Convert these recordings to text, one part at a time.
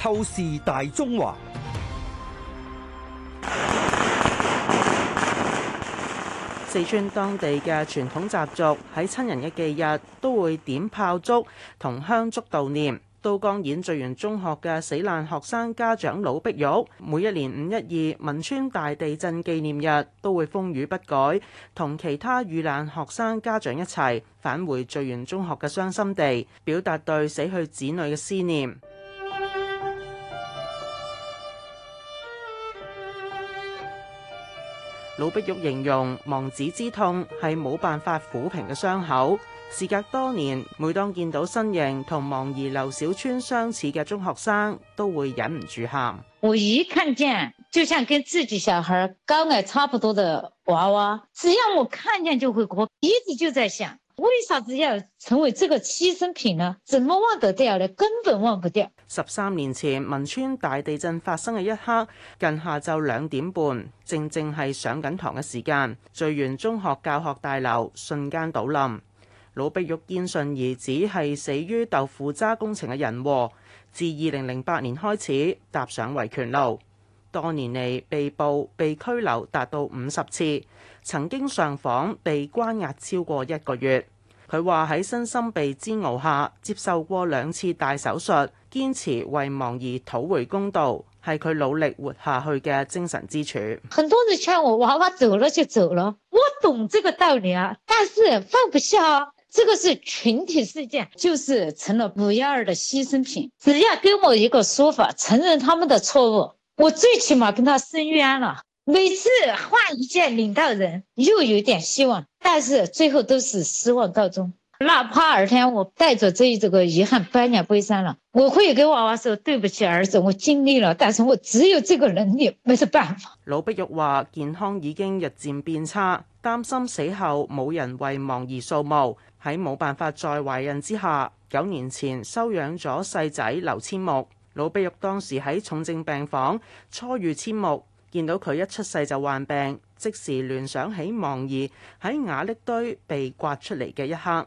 透視大中華，四川當地嘅傳統習俗喺親人嘅忌日都會點炮竹同香燭悼念。都江堰聚源中學嘅死難學生家長老碧玉，每一年五一二汶川大地震紀念日都會風雨不改，同其他遇難學生家長一齊返回聚源中學嘅傷心地，表達對死去子女嘅思念。魯碧玉形容亡子之痛係冇辦法撫平嘅傷口。事隔多年，每當見到身形同亡兒劉小川相似嘅中學生，都會忍唔住喊。我一看見，就像跟自己小孩高矮差不多的娃娃，只要我看見就會哭，一直就在想。為啥子要成為這個犧牲品呢？怎麼忘得掉呢？根本忘不掉。十三年前，汶川大地震發生嘅一刻，近下晝兩點半，正正係上緊堂嘅時間，聚源中學教學大樓瞬間倒冧。老碧玉堅信兒子係死於豆腐渣工程嘅人禍。自二零零八年開始踏上維權路，多年嚟被捕、被拘留達到五十次，曾經上訪被關押超過一個月。佢話喺身心被煎熬下，接受過兩次大手術，堅持為亡兒討回公道，係佢努力活下去嘅精神支柱。很多人勸我娃娃走了就走了，我懂這個道理啊，但是放不下啊。這個是群體事件，就是成了五幺二的犧牲品。只要給我一個說法，承認他們的錯誤，我最起碼跟他伸冤啦。每次換一屆領導人，又有點希望，但是最後都是失望告終。哪怕二天我帶着這一這個遺憾百年歸山了，我會給娃娃說對不起兒子，我盡力了，但是我只有這個能力，沒得辦法。老碧玉話：健康已經日漸變差，擔心死後冇人為亡兒掃墓，喺冇辦法再懷孕之下，九年前收養咗細仔劉千木。老碧玉當時喺重症病房初遇千木。見到佢一出世就患病，即時聯想起望兒喺瓦礫堆被刮出嚟嘅一刻。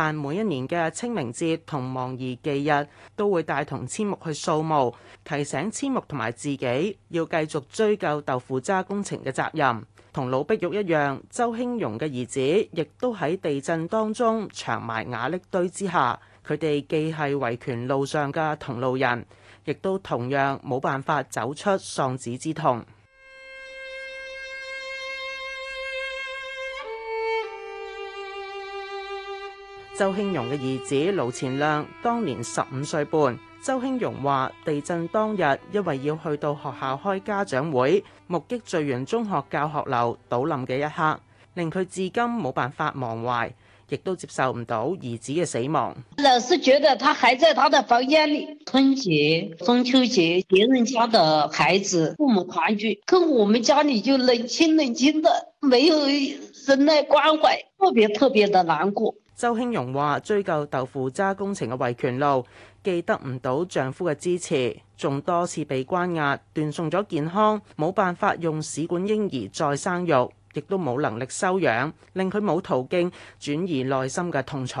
但每一年嘅清明節同亡兒忌日，都會帶同千木去掃墓，提醒千木同埋自己要繼續追究豆腐渣工程嘅責任。同老碧玉一樣，周興榮嘅兒子亦都喺地震當中長埋瓦礫堆之下。佢哋既係維權路上嘅同路人，亦都同樣冇辦法走出喪子之痛。周興榮嘅兒子盧錢亮當年十五歲半。周興榮話：地震當日，因為要去到學校開家長會，目擊聚源中學教學樓倒冧嘅一刻，令佢至今冇辦法忘懷，亦都接受唔到兒子嘅死亡。老是覺得他還在他的房間裏。春節、中秋節，別人家的孩子父母團聚，跟我們家裏就冷清冷清的，沒有人來關懷，特別特別的難過。周興榮話：追究豆腐渣工程嘅維權路，既得唔到丈夫嘅支持，仲多次被關押，斷送咗健康，冇辦法用試管嬰兒再生育，亦都冇能力收養，令佢冇途徑轉移內心嘅痛楚。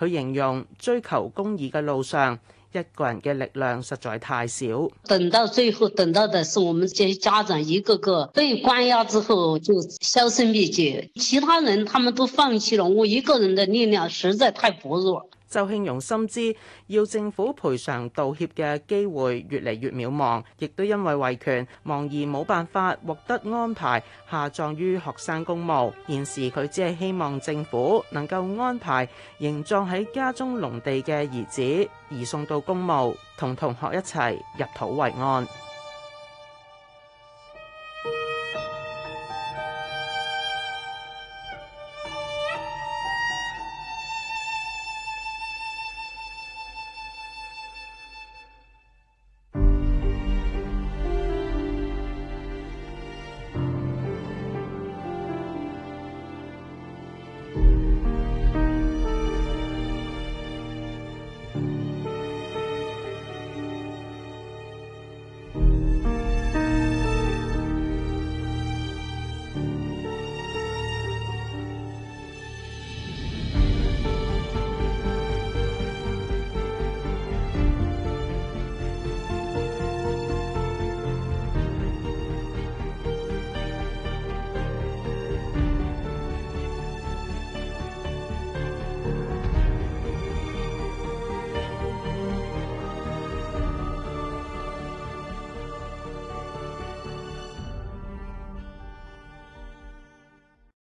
佢形容追求公義嘅路上，一個人嘅力量實在太少。等到最後，等到的是我們這些家長一個個被關押之後就銷聲匿跡，其他人他們都放棄了，我一個人的力量實在太薄弱。周慶容深知要政府賠償道歉嘅機會越嚟越渺茫，亦都因為維權，忙而冇辦法獲得安排下葬於學生公墓。現時佢只係希望政府能夠安排營葬喺家中農地嘅兒子移送到公墓，同同學一齊入土為安。